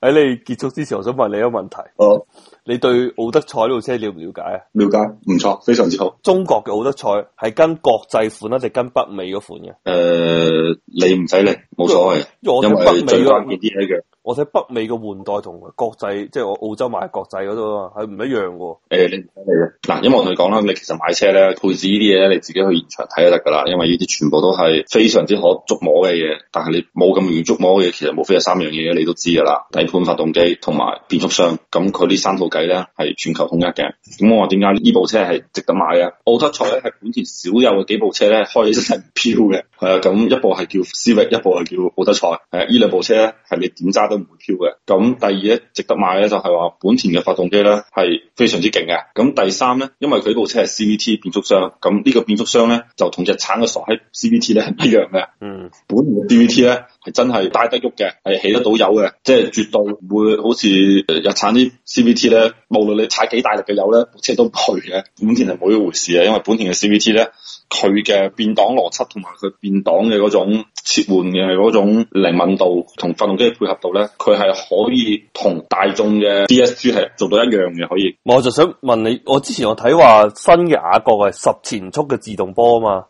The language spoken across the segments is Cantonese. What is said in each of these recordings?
喺你結束之前，我想問你一個問題。哦，你對奧德賽呢部車你了唔了解啊？了解，唔錯，非常之好。中國嘅奧德賽係跟國際款，定跟北美嗰款嘅？誒、呃，你唔使理，冇所謂，因為，我北美因為最關鍵啲一樣。我睇北美嘅換代同國際，即係我澳洲買國際嗰度係唔一樣嘅。誒、欸，你嗱，因為我同你講啦，你其實買車咧，配置呢啲嘢咧，你自己去現場睇就得㗎啦。因為呢啲全部都係非常之可捉摸嘅嘢，但係你冇咁容易捉摸嘅嘢，其實無非係三樣嘢，你都知㗎啦。底盤發動機同埋變速箱，咁佢呢三套計咧係全球統一嘅。咁我話點解呢部車係值得買啊？奧德賽咧係本田少有嘅幾部車咧，開起身係唔飄嘅。係啊，咁一部係叫 Civic 思域，一部係叫奧德賽。係呢兩部車咧係你點揸都～唔會飄嘅，咁第二咧值得買咧就係話本田嘅發動機咧係非常之勁嘅，咁第三咧因為佢部車係 CVT 變速箱，咁呢個變速箱咧就同日產嘅傻閪 CVT 咧係唔一樣嘅，嗯，本田嘅 CVT 咧係真係拉得喐嘅，係起得到油嘅，即係絕對唔會好似日產啲 CVT 咧，無論你踩幾大力嘅油咧，部車都唔去嘅，本田係冇一回事嘅，因為本田嘅 CVT 咧。佢嘅變檔邏輯同埋佢變檔嘅嗰種切換嘅嗰種靈敏度同發動機嘅配合度咧，佢係可以同大眾嘅 DSG 係做到一樣嘅，可以。我就想問你，我之前我睇話新嘅雅閣係十前速嘅自動波啊嘛。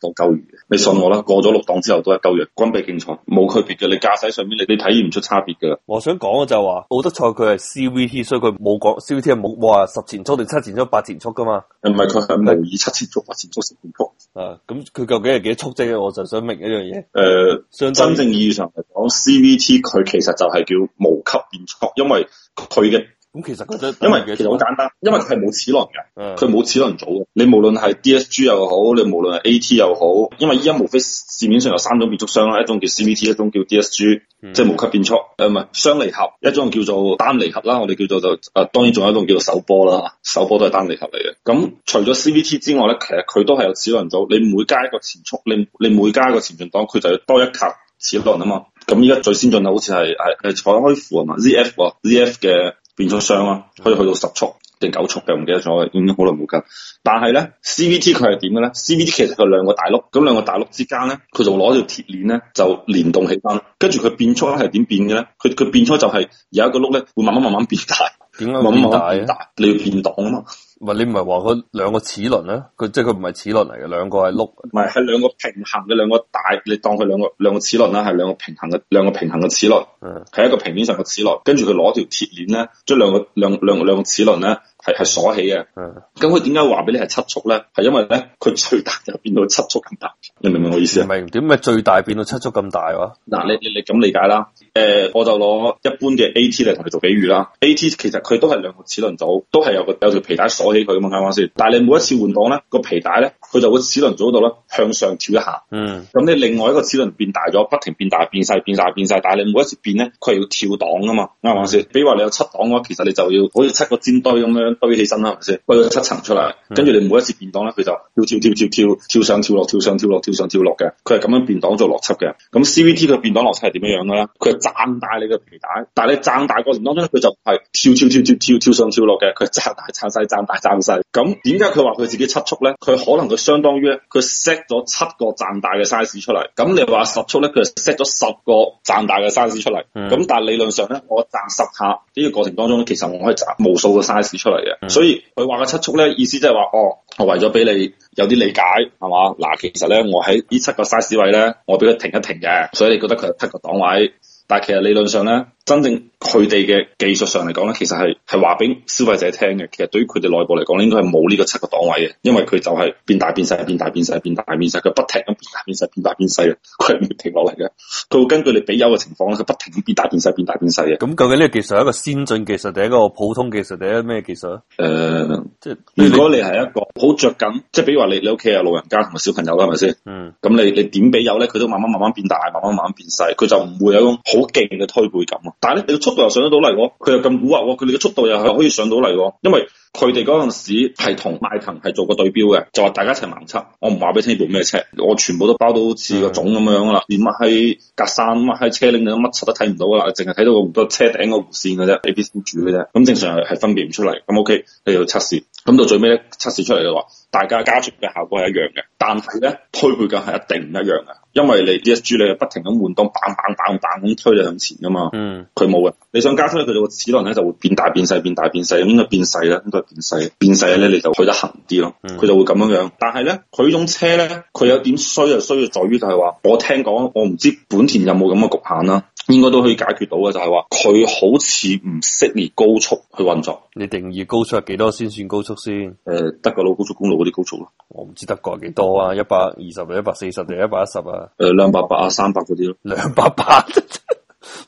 當救嘅，你信我啦。過咗六檔之後都係救援，軍備競賽冇區別嘅。你駕駛上面你你體驗唔出差別噶啦。我想講嘅就係話，奧德賽佢係 CVT，所以佢冇講 CVT 係冇話十前速定七前速八前速噶嘛。唔係佢係無以七前速的八前速十半速。啊，咁佢究竟係幾多速即、啊、嘅？我就想明一樣嘢。誒，呃、相對 真正意義上嚟講，CVT 佢其實就係叫無級變速，因為佢嘅。咁、嗯、其實其實因為其實好簡單，因為佢係冇齒輪嘅，佢冇齒輪組。你無論係 D S G 又好，你無論係 A T 又好，因為依家無非市面上有三種變速箱啦，一種叫 C V T，一種叫 D S G，、嗯、即係無級變速，誒唔係雙離合，一種叫做單離合啦。我哋叫做就誒、呃，當然仲有一種叫做手波啦，手波都係單離合嚟嘅。咁除咗 C V T 之外咧，其實佢都係有齒輪組。你每加一個前速，你你每加一個前進檔，佢就要多一級齒輪啊嘛。咁依家最先進嘅好似係係係採埃孚啊嘛？Z F 喎，Z F 嘅。變速箱啊，可以去到十速定九速嘅，唔記得咗，已經好耐冇跟。但係咧，C V T 佢係點嘅咧？C V T 其實佢兩個大轆，咁兩個大轆之間咧，佢就攞條鐵鏈咧就聯動起返，跟住佢變速咧係點變嘅咧？佢佢變速就係有一個轆咧會慢慢慢慢變大。點解咁大？你要變檔啊嘛，唔係你唔係話佢兩個齒輪咧？佢即係佢唔係齒輪嚟嘅，兩個係碌，唔係係兩個平衡嘅兩個大。你當佢兩個兩個齒輪啦，係兩個平衡嘅兩個平衡嘅齒輪，係的一個平面上嘅齒輪，跟住佢攞條鐵鏈咧，將兩個兩兩兩個齒輪咧。係係鎖起嘅，咁佢點解話俾你係七速咧？係因為咧，佢最大就變到七速咁大，你明唔明我意思啊？明點解最大變到七速咁大嘅。嗱、啊，你你你咁理解啦。誒、呃，我就攞一般嘅 A T 嚟同你做比喻啦。A T 其實佢都係兩個齒輪組，都係有個有條皮帶鎖起佢嘅嘛，啱唔啱先？但係你每一次換檔咧，個皮帶咧，佢就會齒輪組嗰度咧向上跳一下。嗯。咁你另外一個齒輪變大咗，不停變大、變細、變大、變細。但係你每一次變咧，佢係要跳檔噶嘛，啱唔啱先？嗯、比如話你有七檔嘅話，其實你就要好似七個煎堆咁樣。堆起身啦，係咪先？堆到七層出嚟，跟住你每一次變檔咧，佢就要跳跳跳跳跳上跳落跳上跳落跳上跳落嘅。佢係咁樣變檔做邏輯嘅。咁 CVT 嘅變檔邏輯係點樣樣咧？佢係賺大你嘅皮帶，但係你賺大過程當中咧，佢就係跳跳跳跳跳跳上跳落嘅。佢賺大賺細賺大賺細。咁點解佢話佢自己七速咧？佢可能佢相當於咧，佢 set 咗七個賺大嘅 size 出嚟。咁你話十速咧，佢就 set 咗十個賺大嘅 size 出嚟。咁、嗯、但係理論上咧，我賺十下呢、這個過程當中其實我可以賺無數個 size 出嚟。嗯、所以佢話個七速咧，意思即係話，哦，我為咗俾你有啲理解，係嘛？嗱，其實咧，我喺呢七個 size 位咧，我俾佢停一停嘅，所以你覺得佢係七個檔位，但係其實理論上咧。真正佢哋嘅技術上嚟講咧，其實係係話俾消費者聽嘅。其實對於佢哋內部嚟講，應該係冇呢個七個檔位嘅，因為佢就係變大變細、變大變細、變大變細，佢不停咁變大變細、變大變細啊，佢係唔會停落嚟嘅。佢會根據你俾油嘅情況咧，佢不停咁變大變細、變大變細嘅。咁究竟呢個技術係一個先進技術定一個普通技術定一個咩技術啊？誒、嗯，即、就、係、是、如果你係一個好着緊，即係比如話你你屋企有老人家同埋小朋友啦，係咪先？嗯。咁你你點俾油咧？佢都慢慢慢慢變大，慢慢慢慢變細，佢就唔會有種好勁嘅推背感。但係咧，你嘅速度又上得到嚟喎，佢又咁蠱惑喎，佢哋嘅速度又係可以上到嚟喎，因為。佢哋嗰陣時係同邁騰係做過對標嘅，就話大家一齊盲測，我唔話俾你聽呢部咩車，我全部都包到好似個粽咁樣噶啦，連埋喺隔山咁喺車頂度乜柒都睇唔到噶啦，淨係睇到個唔多車頂個弧線嘅啫，A B C 柱嘅啫，咁正常係分辨唔出嚟，咁 O K，去到測試，咁到最尾咧測試出嚟嘅話，大家加速嘅效果係一樣嘅，但係咧推背嘅係一定唔一樣嘅，因為你 D S G 咧不停咁換檔棒棒棒棒咁推你向前噶嘛，嗯，佢冇嘅，你想加速佢就個齒輪咧就會變大變細，變大變細，咁應該變細啦，變細變細咧，你就去得行啲咯。佢、嗯、就會咁樣樣。但係咧，佢呢種車咧，佢有點衰啊衰嘅，在於就係話，我聽講，我唔知本田有冇咁嘅局限啦、啊，應該都可以解決到嘅，就係、是、話，佢好似唔適宜高速去運作。你定義高速係幾多先算高速先？誒、嗯，德國佬高速公路嗰啲高速咯。我唔知德國係幾多啊？一百二十定一百四十定一百一十啊？誒、呃，兩百八啊，三百嗰啲咯。兩百八，即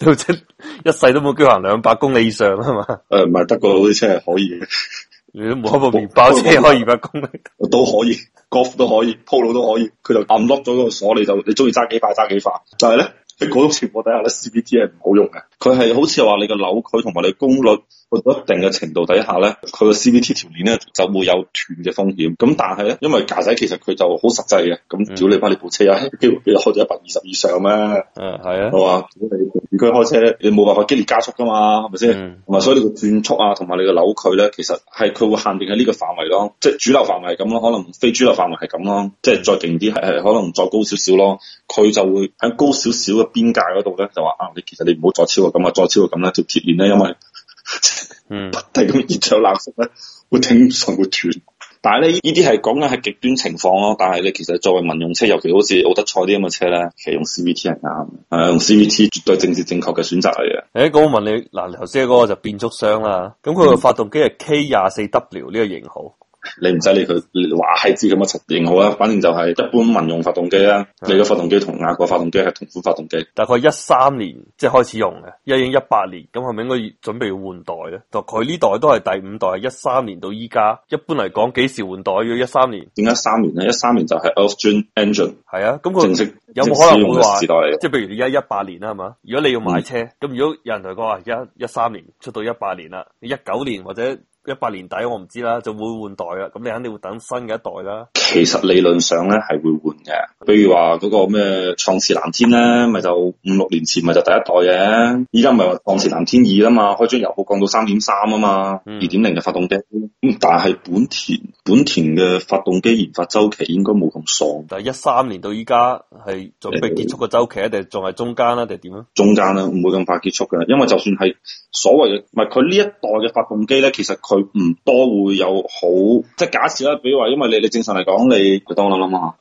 一世都冇飚行兩百公里以上啊嘛？誒，唔係、呃、德國佬啲車係可以嘅。 你都冇摸部麵包車開二百公里，都可以，高爾夫都可以，鋪路都可以，佢就 unlock 咗個鎖，你就你中意揸幾快揸幾快，就係、是、咧。喺嗰種情況底下咧，C V T 係唔好用嘅。佢係好似話你個扭距同埋你功率去到一定嘅程度底下咧，佢個 C V T 條鏈咧就會有斷嘅風險。咁但係咧，因為駕駛其實佢就好實際嘅，咁屌你把你部車啊，機會俾你開到一百二十以上咩？嗯，係啊，係嘛？如果你市區開車，你冇辦法激烈加速噶嘛，係咪先？同埋、嗯、所以你個轉速啊，同埋你個扭距咧，其實係佢會限定喺呢個範圍咯，即係主流範圍係咁咯，可能非主流範圍係咁咯，即係再勁啲係係可能再高少少咯。佢就會喺高少少嘅邊界嗰度咧，就話啊，你其實你唔好再超過，咁啊，再超過咁啦，條鐵鏈咧，因為 嗯係咁熱脹冷縮咧， 會斷，會斷。但係咧，呢啲係講緊係極端情況咯。但係咧，其實作為民用車，尤其好似奧德賽啲咁嘅車咧，其實用 CVT 係啱嘅、啊，用 CVT 絕對政治正確嘅選擇嚟嘅。誒、欸，咁、那、我、個、問你嗱，頭先嗰個就變速箱啦，咁佢個發動機係 K 廿四 W 呢個型號。嗯。你唔使理佢，話係知咁嘅型好啦，反正就係一般民用發動機啦。的你個發動機同雅閣發動機係同款發動機，就是。大概一三年即係開始用嘅，已經一八年咁係咪應該準備要換代咧？就佢呢代都係第五代，一三年到依家。一般嚟講，幾時換代？要一三年。點解三年咧？一三年就係 Earth Gen Engine。係啊式，咁佢式有冇可能會話？即係譬如你而家一八年啦，係嘛？如果你要買車，咁、嗯、如果有人同你講話一一三年出到一八年啦，一九年，一九年或者。一八年底我唔知啦，就會換代啦，咁你肯定會等新嘅一代啦。其實理論上咧係會換嘅，譬如話嗰個咩創馳藍天咧，咪就五六年前咪就第一代嘅，啊，依家咪話創馳藍天二啦嘛，可以將油耗降到三點三啊嘛，二點零嘅發動機。但係本田，本田嘅發動機研發周期應該冇咁爽。但係一三年到依家係準備結束個周期，定仲係中間啦，定係點啊？嗯、中間啦、啊，唔會咁快結束嘅，因為就算係所謂嘅，唔係佢呢一代嘅發動機咧，其實佢。佢唔多會有好，即係假設啦。比如話，因為你你正常嚟講，你等我諗諗下，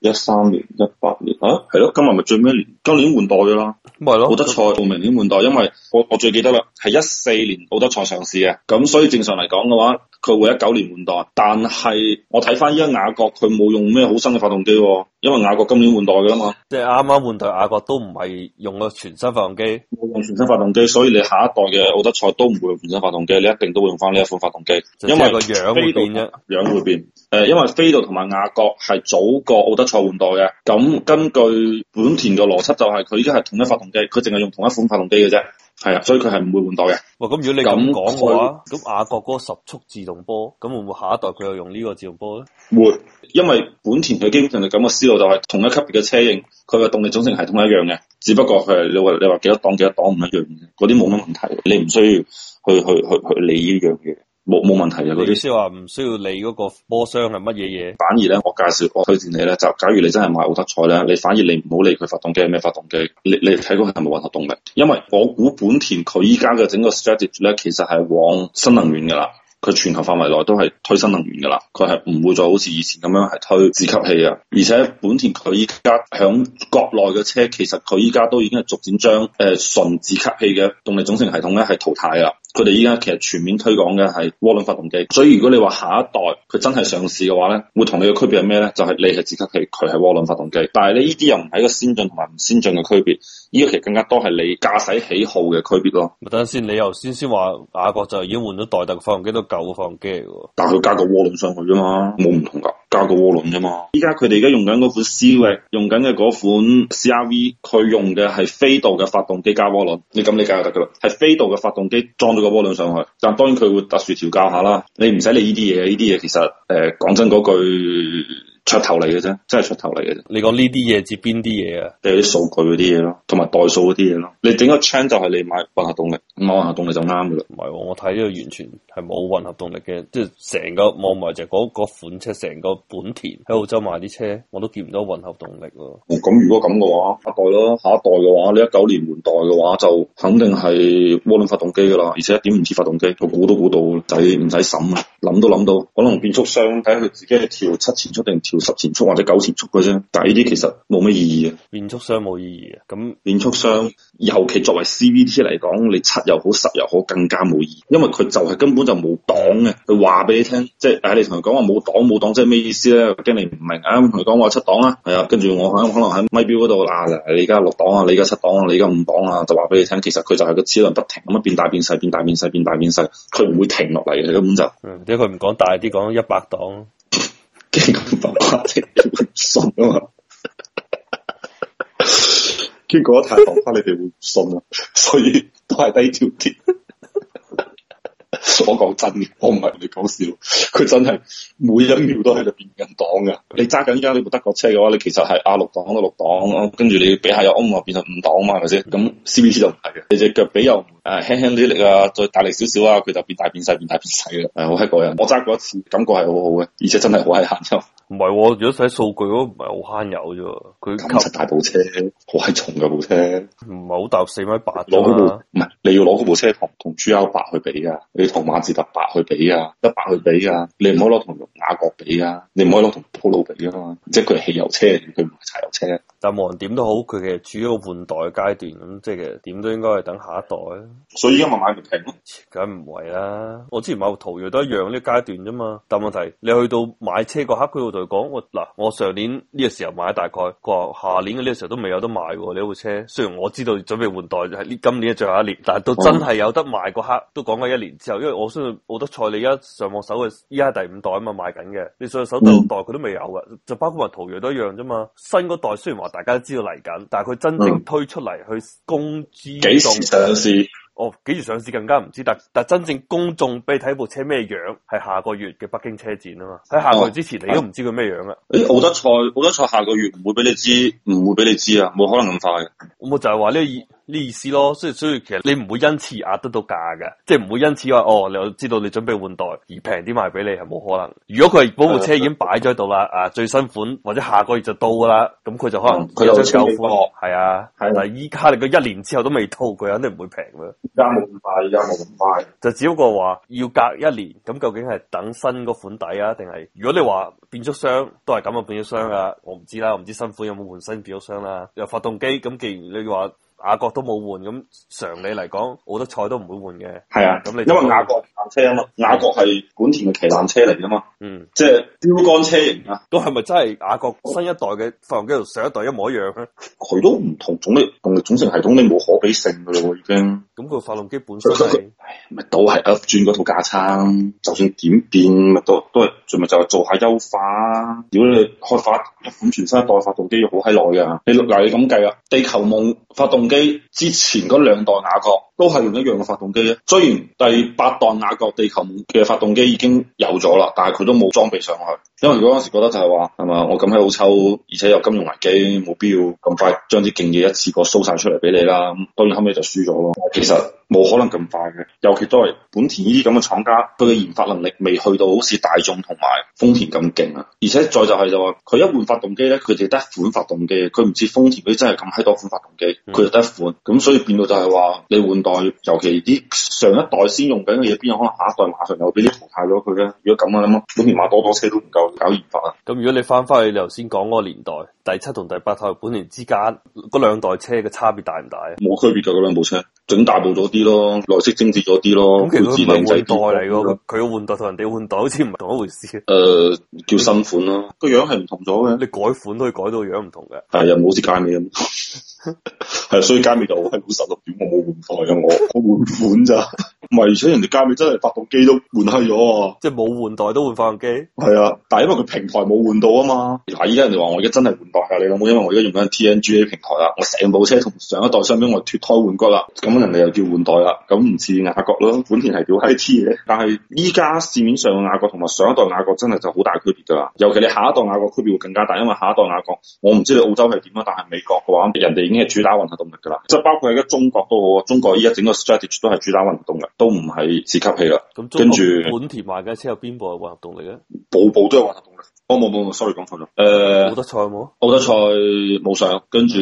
誒一三年、一八年啊，係咯，今日咪最屘年，今年換代咗啦。咪咯，奧德賽到明年換代？因為我我最記得啦，係一四年奧德賽上市嘅，咁所以正常嚟講嘅話，佢會一九年換代。但係我睇翻依家雅閣，佢冇用咩好新嘅發動機。因為雅閣今年換代噶啦嘛，即係啱啱換代，雅閣都唔係用個全新發動機，冇用全新發動機，所以你下一代嘅奧德賽都唔會用全新發動機，你一定都會用翻呢一款發動機，即使 因為個樣會變嘅，樣會變。誒、呃，因為飛度同埋雅閣係早過奧德賽換代嘅，咁根據本田嘅邏輯就係、是，佢已經係同一發動機，佢淨係用同一款發動機嘅啫。係啊，所以佢係唔會換代嘅。咁如果你咁講嘅話，咁雅閣嗰十速自動波，咁會唔會下一代佢又用呢個自動波咧？會，因為本田佢基本上係咁嘅思路，就係同一級別嘅車型，佢嘅動力總成系統係一樣嘅，只不過佢係你話你話幾多檔幾多檔唔一樣嘅，嗰啲冇乜問題，你唔需要去去去去理呢樣嘢。冇冇問題嘅，佢意思話唔需要理嗰個波箱係乜嘢嘢，反而咧我介紹我推薦你咧，就假如你真係買奧德賽咧，你反而你唔好理佢發動機係咩發動機，你你睇嗰係咪混合動力？因為我估本田佢依家嘅整個 strategy 咧，其實係往新能源嘅啦，佢全球範圍內都係推新能源嘅啦，佢係唔會再好似以前咁樣係推自吸氣嘅，而且本田佢依家響國內嘅車，其實佢依家都已經係逐漸將誒純自吸氣嘅動力總成系統咧係淘汰啦。佢哋依家其實全面推廣嘅係渦輪發動機，所以如果你話下一代佢真係上市嘅話咧，會同你嘅區別係咩咧？就係、是、你係自吸氣，佢係渦輪發動機，但係咧依啲又唔係一個先進同埋唔先進嘅區別，呢、這個其實更加多係你駕駛喜好嘅區別咯。咪等先，你頭先先話雅閣就已經換咗代特發動機都舊發動機喎，機但係佢加個渦輪上去啫嘛，冇唔同㗎。加個渦輪啫嘛，依家佢哋而家用緊嗰款 C-V，用緊嘅嗰款 C-R-V，佢用嘅係飛度嘅發動機加渦輪，你咁理解就得噶啦，係飛度嘅發動機裝咗個渦輪上去，但當然佢會特殊調教下啦，你唔使理呢啲嘢，呢啲嘢其實誒、呃、講真嗰句。出頭嚟嘅啫，真係出頭嚟嘅啫。你講呢啲嘢接邊啲嘢啊？定係啲數據嗰啲嘢咯，同埋代數嗰啲嘢咯。你整個 chain 就係你買混合動力，冇、嗯、混合動力就啱嘅。唔係，我睇呢個完全係冇混合動力嘅，即係成個望埋就嗰、是、嗰款車，成個本田喺澳洲賣啲車，我都見唔到混合動力。哦、嗯，咁如果咁嘅話，下一代咯，下一代嘅話，你一九年換代嘅話，就肯定係渦輪發動機噶啦，而且一點唔似發動機，我估都估到，仔唔使審啊？諗都諗到，可能變速箱睇佢自己調七前速定調。十前速或者九前速嘅啫，但係呢啲其實冇咩意義啊。變速箱冇意義嘅，咁變速箱尤其作為 CVT 嚟講，你七又好十又好，更加冇意義，因為佢就係根本就冇檔嘅。佢話俾你聽，即係唉，你同佢講話冇檔冇檔，即係咩意思咧？驚你唔明啊？同佢講話七檔啊，係啊，跟住我可可能喺咪表嗰度啊，你而家六檔啊，你而家七檔啊，你而家五檔啊，就話俾你聽，其實佢就係個齒輪不停咁樣變大變細變大變細變大變細，佢唔會停落嚟嘅，根本就嗯，點解佢唔講大啲，講一百檔？咁白話你哋會信啊嘛？ 結果一太白話你哋會唔信啊，所以都係低調啲。所 講真嘅，我唔係你講笑，佢真係每一秒都喺度變緊檔噶。你揸緊架呢部德國車嘅話，你其實係啊六檔都六檔咯，跟住你俾下又油啊，變成五檔啊嘛，係咪先？咁 C V T 就唔係嘅，你隻腳俾又。誒，輕輕啲力啊，再大力少少啊，佢就變大變細，變大變細啦。誒，好閪過人，我揸過一次，感覺係好好嘅，而且真係好危險油。唔係、啊，如果睇數據嗰唔係好慳油啫。佢咁大部車，好閪重嘅部車，唔係好大四米八攞、啊、部唔係，你要攞嗰部車同 G R 八去比啊，你同馬自達八去比啊，一百去比啊，你唔可以攞同雅閣比啊，你唔可以攞同 Polo 比啊嘛，即係佢係汽油車，佢唔係柴油車。但無論點都好，佢嘅主要於換代嘅階段，咁即係點都應該係等下一代咯、啊。所以而家咪買唔平梗唔係啦，我之前買個途銳都一樣呢階、這個、段啫嘛。但問題你去到買車個刻，佢會同你講，我嗱，我上年呢個時候買，大概佢話下年嘅呢個時候都未有得賣。你、這、部、個、車雖然我知道準備換代就係呢今年嘅最後一年，但係都真係有得賣個刻，都講咗一年之後。因為我相信奧德賽你而家上網搜嘅依家係第五代啊嘛，賣緊嘅你上網搜第六代佢都未有噶，就包括話途銳都一樣啫嘛。新嗰代雖然話。大家都知道嚟緊，但係佢真正推出嚟去公資幾時上市？哦，幾時上市更加唔知。但但真正公眾俾你睇部車咩樣，係下個月嘅北京車展啊嘛。喺下，哦啊欸、下個月之前，你都唔知佢咩樣嘅。誒，奧德賽，奧德賽下個月唔會俾你知，唔會俾你知啊，冇可能咁快、嗯。我咪就係話呢。呢意思咯，所以所以其實你唔會因此壓得到價嘅，即係唔會因此話哦，我知道你準備換代而平啲賣俾你係冇可能。如果佢係保護車已經擺咗喺度啦，啊最新款或者下個月就到噶啦，咁佢就可能佢有舊款，係啊，但係依家你個一年之後都未套，佢肯定唔會平嘅。而家冇咁快，而家冇咁快，就只不過話要隔一年，咁究竟係等新嗰款底啊，定係如果你話變速箱都係咁嘅變速箱啊，我唔知啦，我唔知新款有冇換新變速箱啦，又發動機咁，既然你話。雅閣都冇換，咁，常理嚟講，好多菜都唔會換嘅。係啊，咁你因為雅閣旗艦車啊嘛，雅閣係本田嘅旗艦車嚟噶嘛。嗯，即係標杆車型啊。都係咪真係雅閣新一代嘅發動機同上一代一模一樣咧？佢都唔同，總力動力總成系統你冇可比性噶啦，已經。咁個發動機本身係咪都係 u 轉嗰套架撐？就算點變，都都係，仲咪就係、是、做下優化。如果你開發一款全新一代發動機要好閪耐噶。你嗱你咁計啊，地球夢發動機之前嗰兩代雅閣都係用一樣嘅發動機咧，雖然第八代雅閣地球嘅發動機已經有咗啦，但係佢都冇裝備上去。因為嗰陣時覺得就係話係嘛，我咁閪好抽，而且有金融危機，冇必要咁快將啲勁嘢一次過收晒出嚟俾你啦，嗯。當然後尾就輸咗咯。其實冇可能咁快嘅，尤其都係本田呢啲咁嘅廠家，佢嘅研發能力未去到好似大眾同埋豐田咁勁啊。而且再就係就話佢一換發動機咧，佢哋得一款發動機，佢唔似豐田啲真係咁閪多款發動機，佢就得一款。咁所以變到就係話你換代，尤其啲上一代先用緊嘅嘢，邊有可能下一代馬上又俾啲淘汰咗佢咧？如果咁嘅話，本田買多多車都唔夠。搞研發啦。咁如果你翻翻去你頭先講嗰個年代，第七同第八代本田之間嗰兩代車嘅差別大唔大啊？冇區別噶，嗰兩部車整大部咗啲咯，內飾精緻咗啲咯。咁其實唔係換代嚟噶，佢換代同人哋換代好似唔係同一回事。誒，叫新款咯、啊，個、嗯、樣係唔同咗嘅。你改款都可以改到樣唔同嘅，但係又冇似介面咁。 係， 所以佳美就好係好十六秒，我冇換代啊，我我換款咋？唔係， 而且人哋佳美真係發動機都換閪咗啊！即係冇換代都換發動機？係啊， 但係因為佢平台冇換到啊嘛。嗱，依家人哋話我而家真係換代啊？你諗我因為我而家用緊 TNGA 平台啦，我成部車同上一代相比，我脫胎換骨啦。咁人哋又叫換代啦。咁唔似雅閣咯，本田係表係黐嘢。但係依家市面上嘅雅閣同埋上一代雅閣真係就好大區別噶啦。尤其你下一代雅閣區別會更加大，因為下一代雅閣我唔知你澳洲係點啊，但係美國嘅話人哋已經。係主打混合動力噶啦，即係包括而家中國都好，中國依家整個 strategy 都係主打混合動力，都唔係自吸氣啦。咁、嗯、跟住著本田賣嘅車有邊部係混合動力嘅？部部都有混合動力。哦，冇冇，sorry 講錯咗。誒、呃，奧德賽冇啊？奧德賽冇上，跟住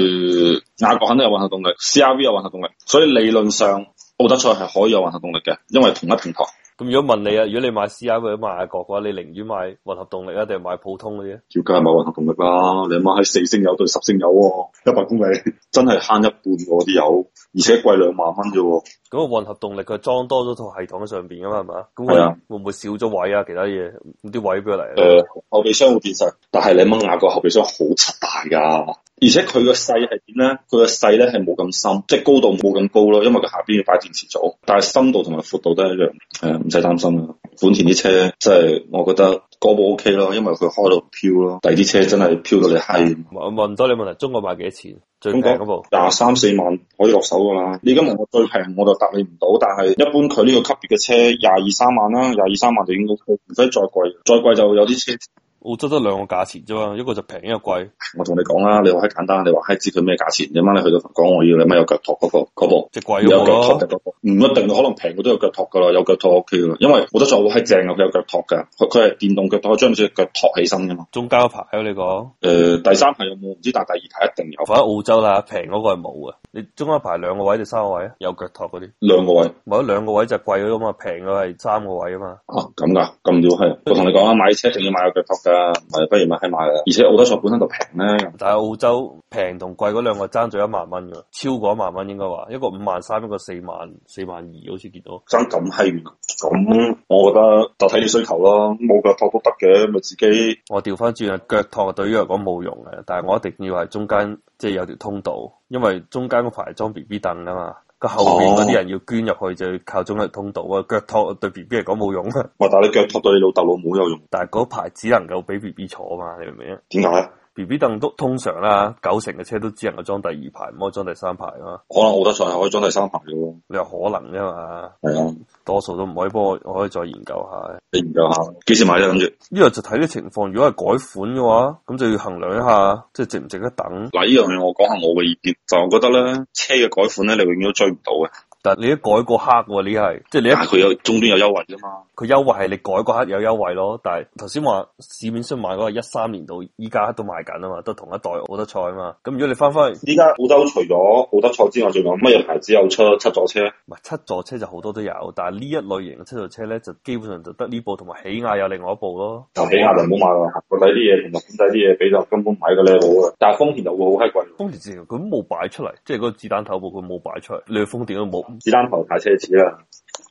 雅閣肯定有混合動力，CRV 有混合動力，所以理論上奧德賽係可以有混合動力嘅，因為同一平台。咁如果問你啊，如果你買 CRV 或者買嘅話，你寧願買混合動力啊，定係買普通嘅啫？照計梗係買混合動力啦，你阿媽喺四升油對十升油喎，一百公里真係慳一半喎啲油，而且貴兩萬蚊啫喎。咁個混合動力佢裝多咗套系統喺上邊噶嘛，係嘛？咁會唔會少咗位啊？其他嘢啲位俾唔嚟？誒、呃，後備箱會變細，但係你掹下個後備箱好出大噶，而且佢個細係點咧？佢個細咧係冇咁深，即、就、係、是、高度冇咁高咯，因為佢下邊要擺電池組，但係深度同埋闊度都一樣，誒、呃，唔使擔心啊！本田啲車即係、就是、我覺得。嗰部 O K 咯，因為佢開到飄咯，第二啲車真係飄到你嗨。問多你問題，中國賣幾多錢？中國嗰部？廿三四萬可以落手噶啦？你而家問我最平，我就答你唔到。但係一般佢呢個級別嘅車廿二三萬啦、啊，廿二三萬就應該唔可以再貴，再貴就有啲車。澳洲得兩個價錢啫嘛，一個就平，一個貴。我同你講啦，你話係簡單，你話係知佢咩價錢你嘛？你去到講我要，你咪有腳托嗰、嗰個嗰部，只貴嗰個唔一定，可能平佢都有腳托噶啦，有腳托 O K 噶。因為好多床卧係正噶，有腳托噶，佢係電動腳托，將隻腳托起身啫嘛。中間嗰排喺你講。誒、呃，第三排有冇唔知？但係第二排一定有。反喺澳洲啦，平嗰個係冇嘅。你中間排兩個位定三個位啊？有腳托嗰啲？兩個位，或者兩個位就貴咗嘛？平嘅係三個位啊嘛。啊，咁噶咁屌閪！我同你講啊，買車一定要買個腳托噶，唔係不如買閪埋嘅。而且奧德賽本身就平咧。但係澳洲平同貴嗰兩個爭咗一萬蚊嘅，超過一萬蚊應該話，一個五萬三，一個四萬四萬二，好似見到爭咁閪咁，我覺得就睇你需求咯。冇腳托都得嘅，咪自己我調翻轉啊！腳托對於我嚟講冇用嘅，但係我一定要係中間。即係有條通道，因為中間嗰排裝 B B 凳啊嘛。個後邊嗰啲人要捐入去就要靠中間通道啊，哦、腳托對 B B 嚟講冇用啊，但係你腳托對你老豆老母有用，但係嗰排只能夠俾 B B 坐啊嘛，你明唔明啊？點解？B B 凳都通常啦，九成嘅車都只能夠裝第二排，唔可以裝第三排嘛。可能好多時候係可以裝第三排嘅咯，你話可能啫嘛？係啊的，多數都唔可以幫我，不過我可以再研究下。你研究下，幾時買得？諗住呢樣就睇啲情況，如果係改款嘅話，咁就要衡量一下，即係值唔值得等。嗱，呢樣嘢我講下我嘅意見，就我覺得咧，車嘅改款咧，你永遠都追唔到嘅。但你一改個黑喎，你係即係你一佢、啊、有中端有優惠啫嘛？佢優惠係你改個黑有優惠咯。但係頭先話市面上買嗰個一三年度，依家都賣緊啊嘛，都同一代奧德賽啊嘛。咁如果你翻返去依家澳洲，除咗奧德賽之外，仲有乜嘢牌子有出七座車？唔係七座車就好多都有，但係呢一類型嘅七座車咧，就基本上就得呢部同埋起亞有另外一部咯。起就起亞就唔好買啦。國際啲嘢同埋本地啲嘢比較，根本買嘅咧冇啊。但係豐田就會好閪貴。豐田之前佢冇擺出嚟，即係嗰個子彈頭部佢冇擺出嚟。你去豐田都冇。子彈頭太奢侈啦，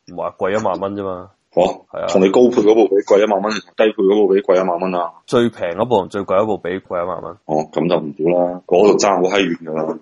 唔係貴一萬蚊啫嘛，哦，係啊，同你高配嗰部比貴一萬蚊，同低配嗰部比貴一萬蚊啊，最平嗰部同最貴嗰部比貴一萬蚊，哦，咁就唔少啦，嗰度爭好閪遠噶啦。